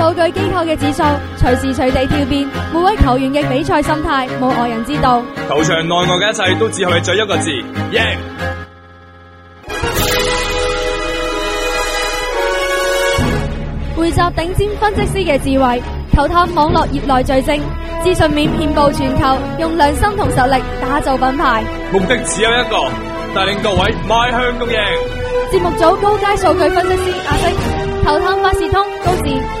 數據機構嘅指數隨時隨地跳變，每位球員嘅比賽心態冇外人知道。球場內外嘅一切都只可以一個字：贏。匯集頂尖分析師嘅智慧，球探網絡業內最精資訊面遍佈全球，用良心同實力打造品牌。目的只有一個，帶領各位邁向共贏。節目組高階數據分析師阿星，球探發事通高士。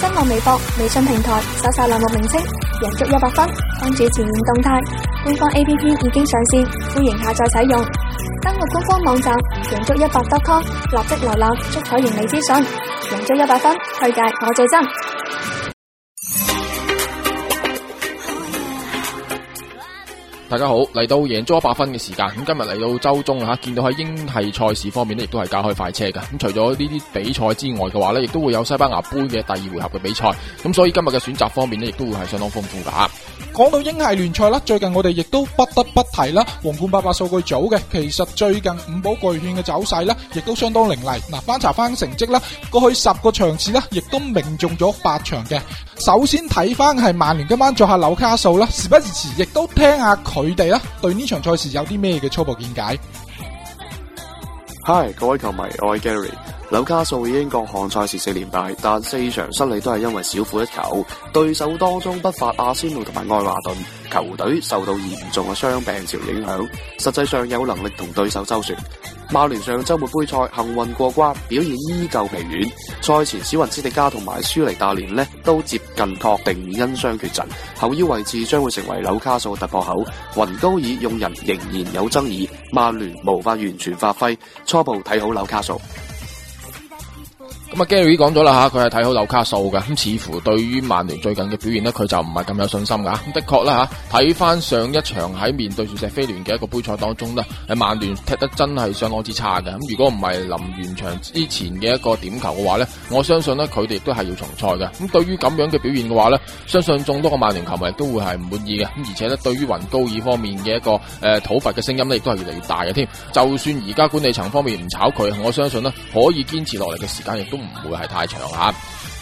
新浪微博、微信平台，搜索欄目名稱，贏足一百分。關注前沿動態，官方 A P P 已經上線，歡迎下載使用。登錄官方網站，贏足一百 .com，立即瀏覽足彩盈利資訊。贏足一百分，推介我最真。大家好，嚟到贏足 100FUN 嘅時間，咁今日嚟到周中啊，吓見到喺英系賽事方面咧，亦都係駕開快車噶。咁除咗呢啲比賽之外嘅話呢，亦都會有西班牙杯嘅第二回合嘅比賽，咁所以今日嘅選擇方面呢，亦都會係相當豐富噶吓。講到英系聯賽啦，最近我哋亦都不得不提啦。皇冠八八數據組嘅，其實最近五寶巨獻嘅走勢呢亦都相當凌厲。嗱、啊，翻查翻成績啦，過去十個場次呢亦都命中咗八場嘅。首先睇翻係曼聯，今晚作客紐卡素啦，時不時亦都聽下佢哋啦，對呢場賽事有啲咩嘅初步見解。Hi，各位球迷，我係 Gary。紐卡素已經各項賽事四連敗，但四場失利都係因為小負一球。對手當中不乏阿仙奴同埋愛華頓，球隊受到嚴重嘅傷病潮影響，實際上有能力同對手周旋。曼聯上周末杯賽幸運過關，表現依舊疲軟。賽前史雲斯迪加同埋舒尼大連咧都接近確定因傷缺陣，後腰位置將會成為紐卡素嘅突破口。雲高爾用人仍然有爭議，曼聯無法完全發揮，初步睇好紐卡素。咁啊 Gary 講咗啦吓，佢係睇好紐卡素嘅，咁似乎對於曼聯最近嘅表現呢佢就唔係咁有信心噶。的確啦吓，睇翻上一場喺面對住石飛聯嘅一個杯賽當中咧，喺曼聯踢得真係相當之差嘅。咁如果唔係臨完場之前嘅一個點球嘅話呢，我相信咧佢哋亦都係要重賽嘅。咁對於咁樣嘅表現嘅話呢，相信眾多嘅曼聯球迷都會係唔滿意嘅。而且呢，對於雲高爾方面嘅一個誒討伐嘅聲音呢亦都係越嚟越大嘅添。就算而家管理層方面唔炒佢，我相信呢，可以堅持落嚟嘅時間亦都。唔會係太長吓，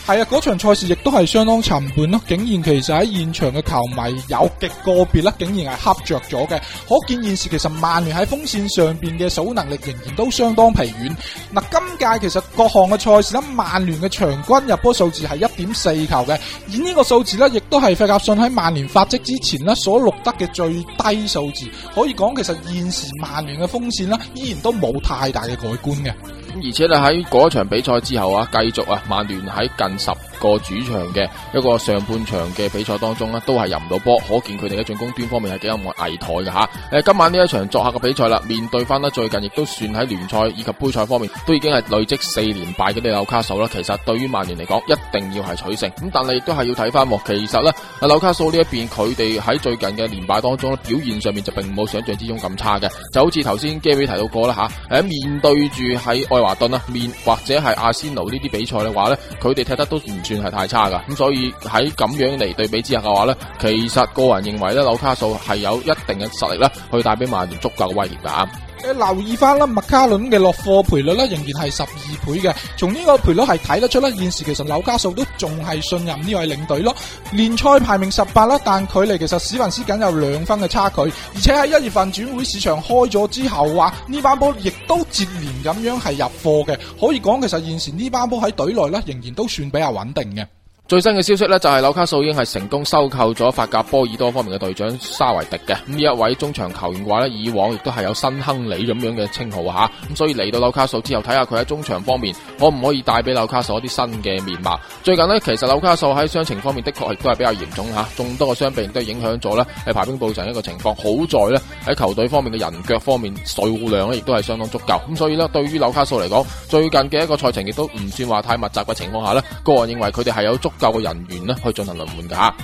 係啊！嗰場賽事亦都係相當沉悶咯，竟然其實喺現場嘅球迷有極個別啦，竟然係恰着咗嘅，可見現時其實曼聯喺鋒綫上邊嘅數能力仍然都相當疲軟。嗱、啊，今屆其實各項嘅賽事啦，曼聯嘅場均入波數字係一點四球嘅，而呢個數字呢，亦都係費格遜喺曼聯發跡之前呢所錄得嘅最低數字。可以講，其實現時曼聯嘅鋒綫呢，依然都冇太大嘅改觀嘅。而且咧喺嗰一場比賽之後啊，繼續啊，曼聯喺近十個主場嘅一個上半場嘅比賽當中咧，都係入唔到波，可見佢哋嘅進攻端方面係幾咁埋危殆嘅吓。誒、啊呃，今晚呢一場作客嘅比賽啦，面對翻咧最近亦都算喺聯賽以及杯賽方面都已經係累積四連敗嘅呢紐卡素啦。其實對於曼聯嚟講，一定要係取勝。咁但係亦都係要睇翻喎。其實呢，阿紐卡素呢一邊佢哋喺最近嘅連敗當中表現上面就並冇想象之中咁差嘅。就好似頭先 Gary 提到過啦吓，喺、啊、面對住喺愛華頓啊，面或者係阿仙奴呢啲比賽嘅話呢，佢哋踢得都唔。算係太差噶，咁所以喺咁樣嚟對比之下嘅話咧，其實個人認為咧，紐卡素係有一定嘅實力啦，去帶俾曼聯足夠嘅威脅噶。你留意翻啦，麥卡倫嘅落貨賠率咧，仍然係十二倍嘅。從呢個賠率係睇得出啦，現時其實紐卡素都仲係信任呢位領隊咯。聯賽排名十八啦，但距離其實史雲斯僅有兩分嘅差距。而且喺一月份轉會市場開咗之後，話呢班波亦都接連咁樣係入貨嘅。可以講，其實現時呢班波喺隊內咧，仍然都算比較穩定嘅。最新嘅消息咧，就係、是、紐卡素已經係成功收購咗法甲波爾多方面嘅隊長沙維迪嘅。咁呢一位中場球員嘅話咧，以往亦都係有新亨利咁樣嘅稱號吓。咁、啊嗯、所以嚟到紐卡素之後，睇下佢喺中場方面可唔可以帶俾紐卡素一啲新嘅面貌。最近呢，其實紐卡素喺傷情方面的確亦都係比較嚴重吓，眾、啊、多嘅傷病都影響咗咧喺排兵布陣一個情況。好在咧喺球隊方面嘅人腳方面水量咧，亦都係相當足夠。咁、嗯、所以呢，對於紐卡素嚟講，最近嘅一個賽程亦都唔算話太密集嘅情況下呢，個人認為佢哋係有足。夠個人員咧去進行輪換噶吓，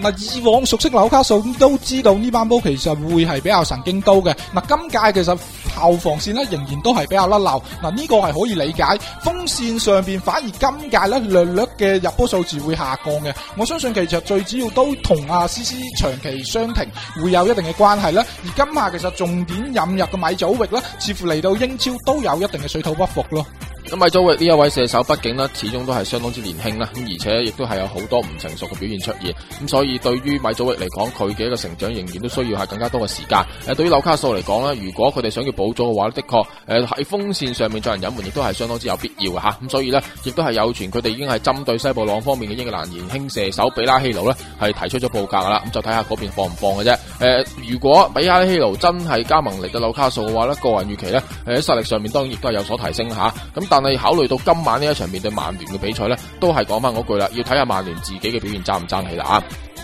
嗱以往熟悉紐卡素都知道呢班波其實會係比較神經刀嘅，嗱今屆其實後防線咧仍然都係比較甩漏，嗱呢個係可以理解，鋒線上邊反而今屆咧略略嘅入波數字會下降嘅，我相信其實最主要都同阿 C C 長期傷停會有一定嘅關係啦，而今夏其實重點引入嘅米祖域咧，似乎嚟到英超都有一定嘅水土不服咯。咁米祖域呢一位射手，畢竟呢始終都係相當之年輕啦，咁而且亦都係有好多唔成熟嘅表現出現，咁所以對於米祖域嚟講，佢嘅一個成長仍然都需要係更加多嘅時間。誒，對於紐卡素嚟講呢，如果佢哋想要補咗嘅話咧，的確，誒喺鋒線上面作人隱瞞亦都係相當之有必要嘅吓。咁所以呢，亦都係有傳佢哋已經係針對西布朗方面嘅英格蘭年輕射手比拉希奴呢係提出咗報價㗎啦。咁就睇下嗰邊放唔放嘅啫。誒，如果比拉希奴真係加盟嚟到紐卡素嘅話呢，個人預期呢，誒喺實力上面當然亦都係有所提升吓。咁但但係考慮到今晚呢一場面對曼聯嘅比賽咧，都係講翻嗰句啦，要睇下曼聯自己嘅表現爭唔爭氣啦啊！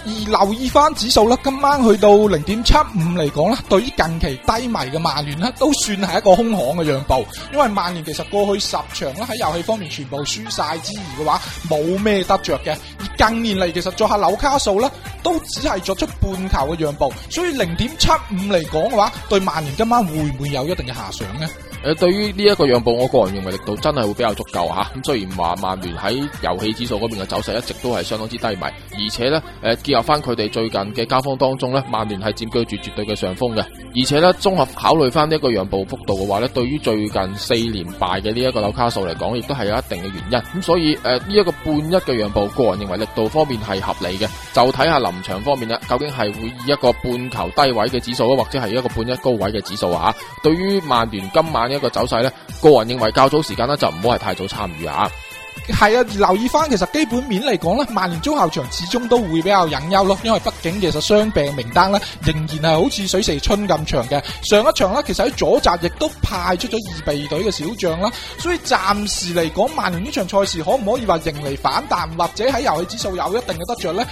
而留意翻指數啦，今晚去到零點七五嚟講咧，對於近期低迷嘅曼聯呢，都算係一個空巷嘅讓步，因為曼聯其實過去十場咧喺遊戲方面全部輸晒之餘嘅話，冇咩得着嘅。而近年嚟其實作下紐卡數咧，都只係作出半球嘅讓步，所以零點七五嚟講嘅話，對曼聯今晚會唔會有一定嘅遐想呢？誒，對於呢一個讓步，我個人認為力度真係會比較足夠吓。咁雖然話曼聯喺遊戲指數嗰邊嘅走勢一直都係相當之低迷，而且咧誒，結合翻佢哋最近嘅交鋒當中咧，曼聯係佔據住絕對嘅上風嘅。而且咧，綜合考慮翻呢一個讓步幅度嘅話咧，對於最近四連敗嘅呢一個紐卡素嚟講，亦都係有一定嘅原因。咁所以誒，呢、呃、一、這個半一嘅讓步，個人認為力度方面係合理嘅。就睇下臨場方面咧，究竟係會以一個半球低位嘅指數，或者係一個半一高位嘅指數啊？對於曼聯今晚一個走勢咧，個人認為較早時間咧就唔好係太早參與吓。係啊，留意翻，其實基本面嚟講咧，曼聯中後場始終都會比較隱憂咯，因為畢竟其實傷病名單咧仍然係好似水蛇春咁長嘅。上一場咧，其實喺左閘亦都派出咗二備二隊嘅小將啦，所以暫時嚟講，曼聯呢場賽事可唔可以話迎嚟反彈，或者喺遊戲指數有一定嘅得着咧？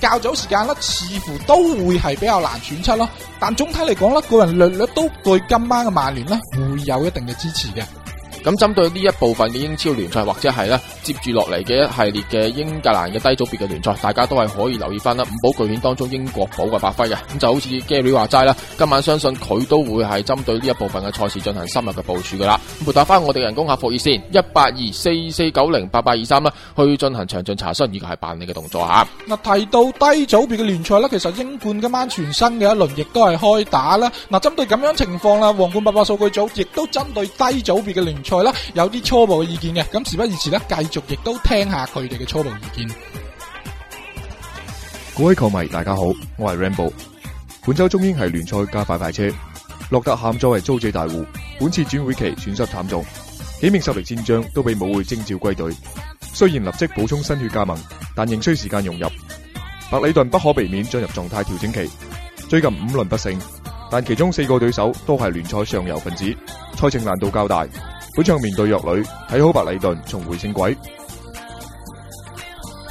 較早時間呢，似乎都會係比較難選出咯，但總體嚟講呢，個人略略都對今晚嘅曼聯呢，會有一定嘅支持嘅。咁針對呢一部分嘅英超聯賽或者係咧接住落嚟嘅一系列嘅英格蘭嘅低組別嘅聯賽，大家都係可以留意翻啦。五寶巨選當中英國寶嘅發揮嘅，咁就好似 Gary 話齋啦，今晚相信佢都會係針對呢一部分嘅賽事進行深入嘅部署噶啦。撥打翻我哋人工客服熱線一八二四四九零八八二三啦，去進行詳盡查詢以及係辦理嘅動作吓。嗱，提到低組別嘅聯賽咧，其實英冠今晚全新嘅一輪亦都係開打啦。嗱，針對咁樣情況啦，皇冠八八數據組亦都針對低組別嘅聯賽賽啦，有啲初步嘅意見嘅，咁時不宜遲咧，繼續亦都聽下佢哋嘅初步意見。各位球迷，大家好，我係 Rambo。本周中英系聯賽加快快車，洛特喊作為租借大戶，本次轉會期損失慘重，幾名實力戰將都被武會徵召歸隊。雖然立即補充新血加盟，但仍需時間融入。白里頓不可避免進入狀態調整期，最近五輪不勝，但其中四個對手都係聯賽上游分子，賽程難度較大。本場面對弱旅，睇好白禮頓重回正軌。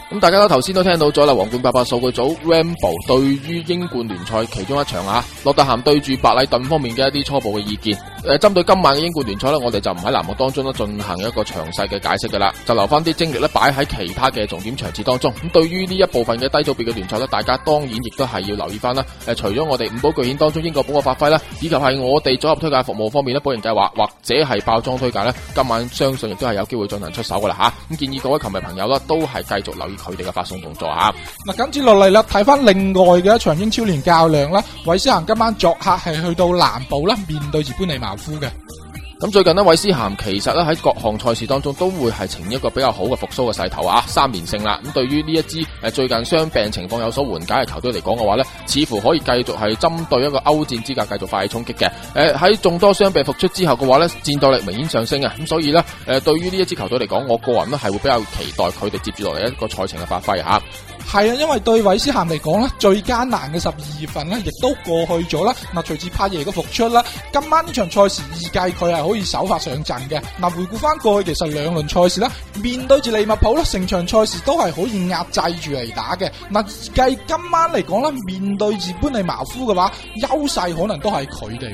咁大家都頭先都聽到咗啦，皇冠八八數據組 Rambo 對於英冠聯賽其中一場啊，洛德咸對住白禮頓方面嘅一啲初步嘅意見。誒，針對今晚嘅英冠聯賽咧，我哋就唔喺欄目當中咧進行一個詳細嘅解釋噶啦，就留翻啲精力咧擺喺其他嘅重點場次當中。咁對於呢一部分嘅低組別嘅聯賽咧，大家當然亦都係要留意翻啦。誒，除咗我哋五寶巨獻當中英國寶嘅發揮啦，以及係我哋組合推介服務方面咧，保贏計劃或者係爆莊推介呢，今晚相信亦都係有機會進行出手噶啦吓。咁建議各位球迷朋友啦，都係繼續留意。佢哋嘅發送動作吓、啊，嗱、啊，跟住落嚟啦，睇翻另外嘅一場英超聯較量啦，韋斯咸今晚作客係去到南部啦，面對住般尼茅夫嘅。咁最近呢，韋斯咸其實咧喺各項賽事當中都會係呈一個比較好嘅復甦嘅勢頭啊，三連勝啦。咁對於呢一支誒最近傷病情況有所緩解嘅球隊嚟講嘅話呢，似乎可以繼續係針對一個歐戰資格繼續發起衝擊嘅。誒喺眾多傷病復出之後嘅話呢，戰鬥力明顯上升啊。咁所以呢，誒對於呢一支球隊嚟講，我個人呢係會比較期待佢哋接住落嚟一個賽程嘅發揮吓。係啊，因為對韋斯咸嚟講咧，最艱難嘅十二月份咧，亦都過去咗啦。嗱，隨住帕耶嘅復出啦，今晚呢場賽事預計佢係可以首發上陣嘅。嗱，回顧翻過去，其實兩輪賽事啦，面對住利物浦啦，成場賽事都係可以壓制住嚟打嘅。嗱，計今晚嚟講啦，面對住班尼茅夫嘅話，優勢可能都係佢哋。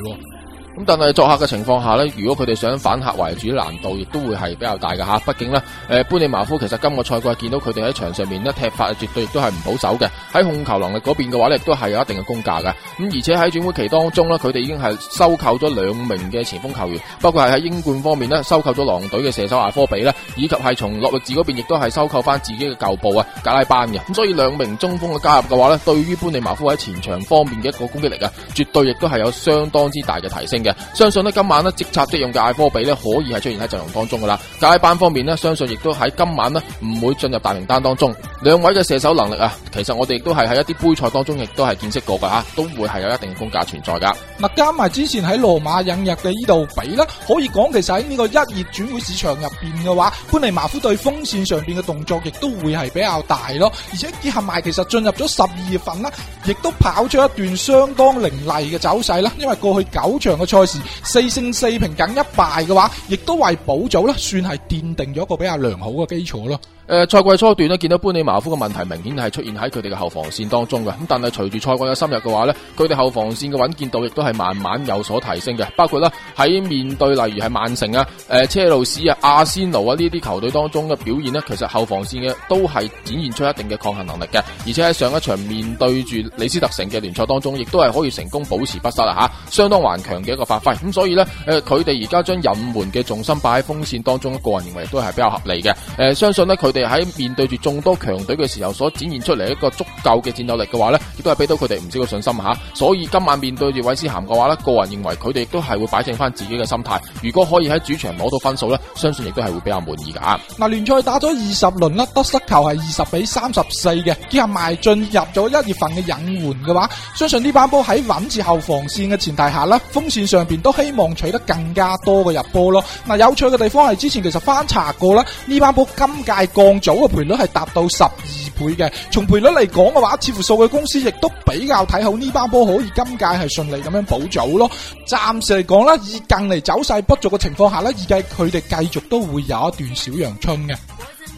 咁但係作客嘅情況下咧，如果佢哋想反客為主，難度亦都會係比較大嘅吓。畢竟咧，誒、呃，般尼馬夫其實今個賽季見到佢哋喺場上面咧踢法，絕對亦都係唔保守嘅。喺控球能力嗰邊嘅話咧，亦都係有一定嘅功架嘅。咁、嗯、而且喺轉會期當中咧，佢哋已經係收購咗兩名嘅前鋒球員，包括係喺英冠方面咧收購咗狼隊嘅射手阿科比咧，以及係從諾域治嗰邊亦都係收購翻自己嘅舊部啊，格拉班嘅。咁所以兩名中鋒嘅加入嘅話咧，對於般尼馬夫喺前場方面嘅一個攻擊力啊，絕對亦都係有相當之大嘅提升。相信咧，今晚咧即插即用嘅艾科比咧，可以係出現喺陣容當中噶啦。解班方面咧，相信亦都喺今晚咧唔會進入大名單當中。兩位嘅射手能力啊，其實我哋亦都係喺一啲杯賽當中亦都係見識過噶吓，都會係有一定嘅風格存在噶。嗱，加埋之前喺羅馬引入嘅呢度比啦，可以講其實喺呢個一月轉會市場入邊嘅話，潘尼馬夫對鋒線上邊嘅動作亦都會係比較大咯。而且結合埋其實進入咗十二月份啦，亦都跑出一段相當凌厲嘅走勢啦。因為過去九場嘅。賽事四勝四平僅一敗嘅話，亦都為補組咧算係奠定咗一個比較良好嘅基礎咯。誒，賽季初段咧見到班尼馬夫嘅問題明顯係出現喺佢哋嘅後防線當中嘅，咁但係隨住賽季嘅深入嘅話呢，佢哋後防線嘅穩健度亦都係慢慢有所提升嘅。包括咧喺面對例如係曼城啊、誒車路士啊、阿仙奴啊呢啲球隊當中嘅表現呢，其實後防線嘅都係展現出一定嘅抗衡能力嘅。而且喺上一場面對住李斯特城嘅聯賽當中，亦都係可以成功保持不失啦，吓，相當頑強嘅一個。發揮咁，所以咧，誒、呃，佢哋而家將隱援嘅重心擺喺鋒線當中，個人認為都係比較合理嘅。誒、呃，相信呢，佢哋喺面對住眾多強隊嘅時候，所展現出嚟一個足夠嘅戰鬥力嘅話呢，亦都係俾到佢哋唔少嘅信心吓。所以今晚面對住韋斯咸嘅話呢，個人認為佢哋亦都係會擺正翻自己嘅心態。如果可以喺主場攞到分數呢，相信亦都係會比較滿意噶。嗱，聯賽打咗二十輪啦，得失球係二十比三十四嘅，兼埋進入咗一月份嘅隱援嘅話，相信呢班波喺穩住後防線嘅前提下啦，鋒線。上邊都希望取得更加多嘅入波咯。嗱，有趣嘅地方係之前其實翻查過啦，呢班波今屆降組嘅賠率係達到十二倍嘅。從賠率嚟講嘅話，似乎數據公司亦都比較睇好呢班波，可以今屆係順利咁樣補組咯。暫時嚟講啦，以近嚟走勢不俗嘅情況下呢，預計佢哋繼續都會有一段小陽春嘅。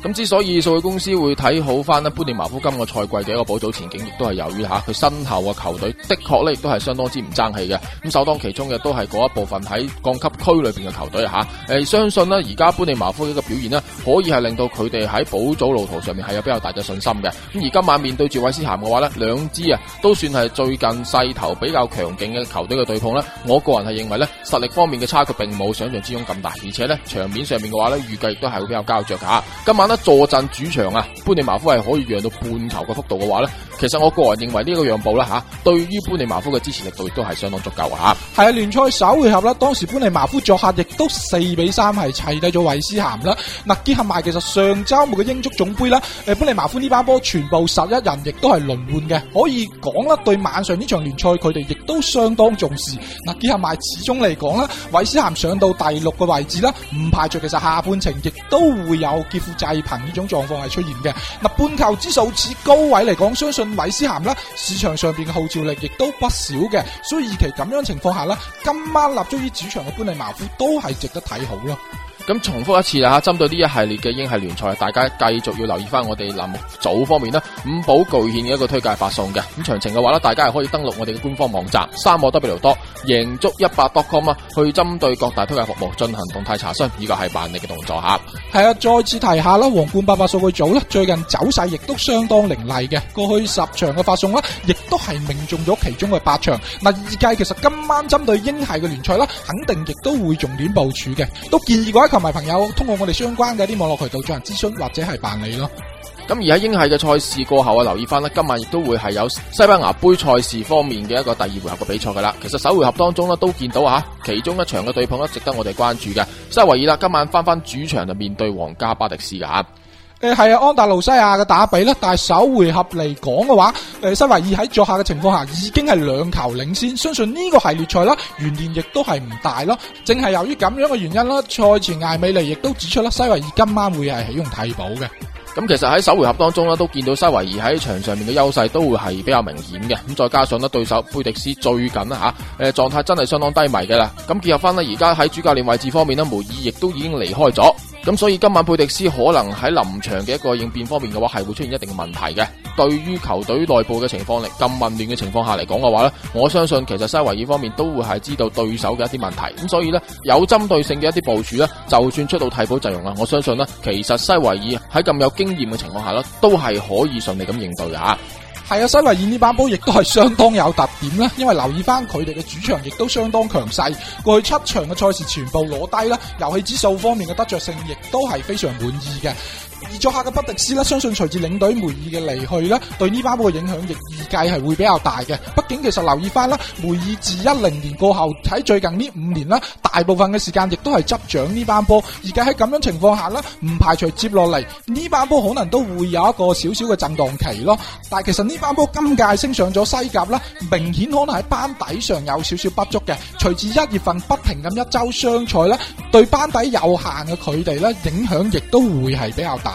咁之所以數據公司會睇好翻呢般尼茅夫今個賽季嘅一個保組前景，亦都係由於吓佢身後嘅球隊的確咧，亦都係相當之唔爭氣嘅。咁首當其衝嘅都係嗰一部分喺降級區裏邊嘅球隊吓。誒、呃，相信咧而家般尼茅夫嘅一個表現咧，可以係令到佢哋喺保組路途上面係有比較大嘅信心嘅。咁而今晚面對住韋斯咸嘅話咧，兩支啊都算係最近勢頭比較強勁嘅球隊嘅對碰咧。我個人係認為咧，實力方面嘅差距並冇想象之中咁大，而且咧場面上面嘅話咧，預計亦都係會比較膠着噶。今晚咧。坐鎮主場啊，潘尼馬夫係可以讓到半球嘅幅度嘅話咧。其實我個人認為呢個讓步啦吓，對於潘尼麻夫嘅支持力度亦都係相當足夠啊吓。係啊，聯賽首回合啦，當時潘尼麻夫作客亦都四比三係砌低咗韋斯咸啦。嗱，結合埋其實上周末嘅英足總盃啦，誒、呃，潘尼麻夫呢班波全部十一人亦都係輪換嘅，可以講啦，對晚上呢場聯賽佢哋亦都相當重視。嗱，結合埋始終嚟講啦，韋斯咸上到第六個位置啦，唔排除其實下半程亦都會有劫富濟貧呢種狀況係出現嘅。嗱，半球之數指高位嚟講，相信。米思涵啦，市場上邊嘅號召力亦都不少嘅，所以而其咁樣情況下咧，今晚立足於主場嘅官李茅夫都係值得睇好咯。咁重複一次啦吓，針對呢一系列嘅英系聯賽，大家繼續要留意翻我哋欄目組方面啦，五寶巨獻嘅一個推介發送嘅。咁詳情嘅話咧，大家係可以登錄我哋嘅官方網站三 W 多贏足一百 .com 啊，去針對各大推介服務進行動態查詢，呢個係萬利嘅動作吓。係啊，再次提下啦，皇冠八八數據組呢，最近走勢亦都相當凌厲嘅，過去十場嘅發送啦，亦都係命中咗其中嘅八場。嗱，而家其實今晚針對英系嘅聯賽啦，肯定亦都會重點部署嘅，都建議嗰一。同埋朋友通過我哋相關嘅一啲網絡渠道進行諮詢或者係辦理咯。咁而喺英系嘅賽事過後啊，留意翻啦，今晚亦都會係有西班牙杯賽事方面嘅一個第二回合嘅比賽噶啦。其實首回合當中咧都見到啊，其中一場嘅對碰咧值得我哋關注嘅，塞維爾啦今晚翻翻主場就面對皇家巴迪斯噶。誒，係啊，安達盧西亞嘅打比啦，但係首回合嚟講嘅話，誒，西維爾喺作客嘅情況下已經係兩球領先，相信呢個系列賽啦，懸念亦都係唔大咯。正係由於咁樣嘅原因啦，賽前艾美利亦都指出啦，西維爾今晚會係啟用替補嘅。咁其實喺首回合當中呢，都見到西維爾喺場上面嘅優勢都會係比較明顯嘅。咁再加上呢，對手貝迪斯最近啊，誒，狀態真係相當低迷嘅啦。咁結合翻呢，而家喺主教練位置方面呢，梅爾亦都已經離開咗。咁所以今晚佩迪斯可能喺臨場嘅一個應變方面嘅話，係會出現一定嘅問題嘅。對於球隊內部嘅情況，嚟咁混亂嘅情況下嚟講嘅話呢，我相信其實西維爾方面都會係知道對手嘅一啲問題。咁所以咧有針對性嘅一啲部署咧，就算出到替補陣容啊，我相信咧其實西維爾喺咁有經驗嘅情況下咧，都係可以順利咁應對嘅吓。係啊，西維爾呢班波亦都係相當有特點啦。因為留意翻佢哋嘅主場，亦都相當強勢。過去七場嘅賽事全部攞低啦，遊戲指數方面嘅得着性亦都係非常滿意嘅。而作客嘅不迪斯呢，相信隨住領隊梅爾嘅離去呢，對呢班波嘅影響亦預計係會比較大嘅。畢竟其實留意翻啦，梅爾自一零年過後喺最近呢五年啦，大部分嘅時間亦都係執掌呢班波。而家喺咁樣情況下呢，唔排除接落嚟呢班波可能都會有一個少少嘅震盪期咯。但係其實呢班波今屆升上咗西甲咧，明顯可能喺班底上有少少不足嘅。隨住一月份不停咁一周雙賽咧，對班底有限嘅佢哋呢，影響亦都會係比較大。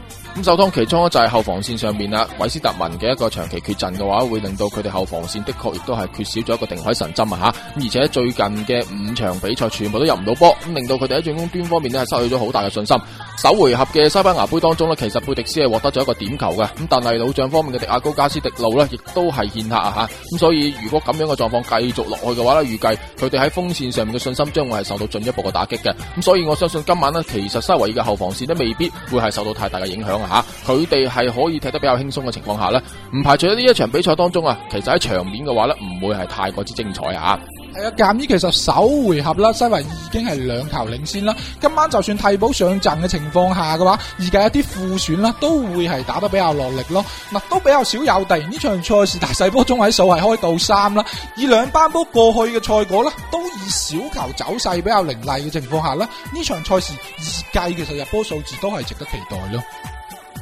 咁首當其衝咧就係後防線上面啊，韋斯特文嘅一個長期缺陣嘅話，會令到佢哋後防線的確亦都係缺少咗一個定海神針啊吓！而且最近嘅五場比賽全部都入唔到波，咁令到佢哋喺進攻端方面呢，係失去咗好大嘅信心。首回合嘅西班牙杯當中呢，其實貝迪斯係獲得咗一個點球嘅，咁但係老將方面嘅迪亞高加斯迪路呢，亦都係欠客啊吓！咁所以如果咁樣嘅狀況繼續落去嘅話呢，預計佢哋喺鋒線上面嘅信心將會係受到進一步嘅打擊嘅。咁所以我相信今晚呢，其實塞維爾嘅後防線都未必會係受到太大嘅影響。吓，佢哋係可以踢得比較輕鬆嘅情況下咧，唔排除喺呢一場比賽當中啊，其實喺場面嘅話咧，唔會係太過之精彩啊。係啊，鑒於其實首回合啦，西維已經係兩球領先啦，今晚就算替補上陣嘅情況下嘅話，而家一啲副選啦，都會係打得比較落力咯。嗱，都比較少有地呢場賽事，大細波中位數係開到三啦。以兩班波過去嘅賽果啦，都以小球走勢比較凌厲嘅情況下啦，呢場賽事而計其實入波數字都係值得期待咯。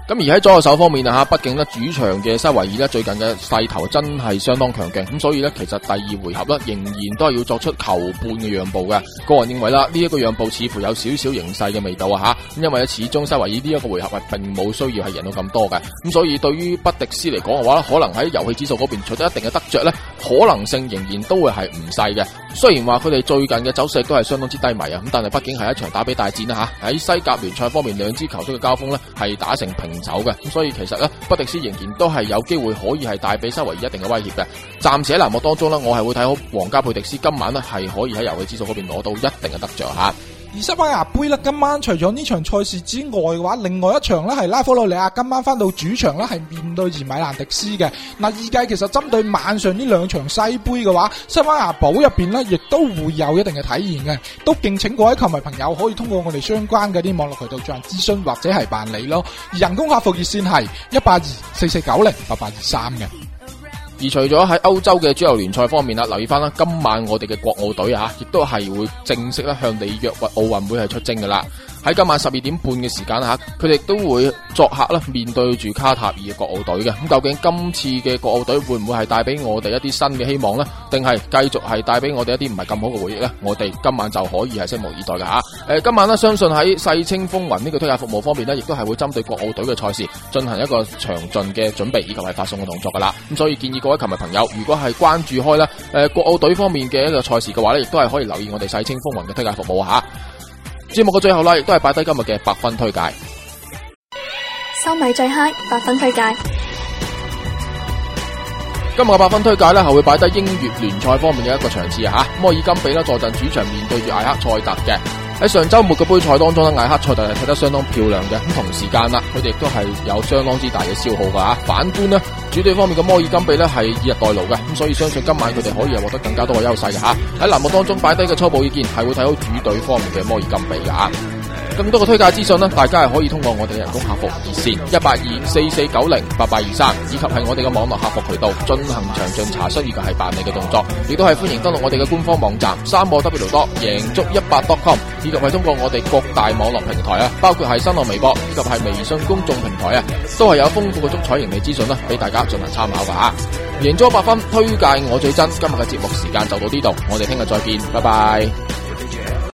咁而喺左手方面啊，吓，畢竟咧主場嘅西維爾咧最近嘅勢頭真係相當強勁，咁所以咧，其實第二回合咧仍然都係要作出球半嘅讓步嘅。個人認為啦，呢一個讓步似乎有少少形勢嘅味道啊，吓，咁因為咧始終西維爾呢一個回合係並冇需要係贏到咁多嘅，咁所以對於畢迪斯嚟講嘅話咧，可能喺遊戲指數嗰邊取得一定嘅得着咧，可能性仍然都會係唔細嘅。雖然話佢哋最近嘅走勢都係相當之低迷啊，咁但係畢竟係一場打比大戰啦，吓。喺西甲聯賽方面，兩支球隊嘅交鋒咧係打成平走嘅，咁所以其實咧，布迪斯仍然都係有機會可以係帶俾塞維爾一定嘅威脅嘅。暫時喺欄目當中咧，我係會睇好皇家佩迪斯今晚咧係可以喺遊戲指數嗰邊攞到一定嘅得着吓。而西班牙杯咧，今晚除咗呢場賽事之外嘅話，另外一場咧係拉科魯尼亞今晚翻到主場咧係面對而米蘭迪斯嘅。嗱，而家其實針對晚上呢兩場西杯嘅話，西班牙堡入邊咧亦都會有一定嘅體驗嘅，都敬請各位球迷朋友可以通過我哋相關嘅啲網絡渠道進行諮詢或者係辦理咯。人工客服熱線係一八二四四九零八八二三嘅。而除咗喺歐洲嘅主流聯賽方面啦，留意翻啦，今晚我哋嘅國奧隊啊，亦都係會正式咧向里約奧運會係出征㗎啦。喺今晚十二點半嘅時間啊，佢哋都會作客啦，面對住卡塔爾嘅國奧隊嘅。咁究竟今次嘅國奧隊會唔會係帶俾我哋一啲新嘅希望呢？定係繼續係帶俾我哋一啲唔係咁好嘅回憶呢？我哋今晚就可以係拭目以待嘅吓。誒，今晚咧，相信喺世青風雲呢個推介服務方面咧，亦都係會針對國奧隊嘅賽事進行一個詳盡嘅準備以及係發送嘅動作噶啦。咁所以建議各位球迷朋友，如果係關注開咧，誒國奧隊方面嘅一個賽事嘅話咧，亦都係可以留意我哋世青風雲嘅推介服務吓。節目嘅最後啦，亦都係擺低今日嘅百分推介。收米最嗨，i 百分推介。今日嘅百分推介咧，係會擺低英越聯賽方面嘅一個場次啊！摩爾金比啦，坐陣主場面對住艾克賽特嘅。喺上周末嘅杯賽當中咧，艾克賽特係踢得相當漂亮嘅，咁同時間啦，佢哋亦都係有相當之大嘅消耗噶吓。反觀咧，主隊方面嘅摩爾金幣咧係以逸待勞嘅，咁所以相信今晚佢哋可以係獲得更加多嘅優勢嘅吓。喺欄目當中擺低嘅初步意見係會睇好主隊方面嘅摩爾金幣嘅吓。更多嘅推介資訊呢？大家係可以通過我哋嘅人工客服熱線一八二四四九零八八二三，823, 以及係我哋嘅網絡客服渠道進行詳盡查詢以及係辦理嘅動作，亦都係歡迎登錄我哋嘅官方網站三個 w 多贏足一百 dotcom，以及係通過我哋各大網絡平台啊，包括係新浪微博以及係微信公眾平台啊，都係有豐富嘅足彩盈利資訊啦，俾大家進行參考噶吓。贏足百分，推介我最真。今日嘅節目時間就到呢度，我哋聽日再見，拜拜。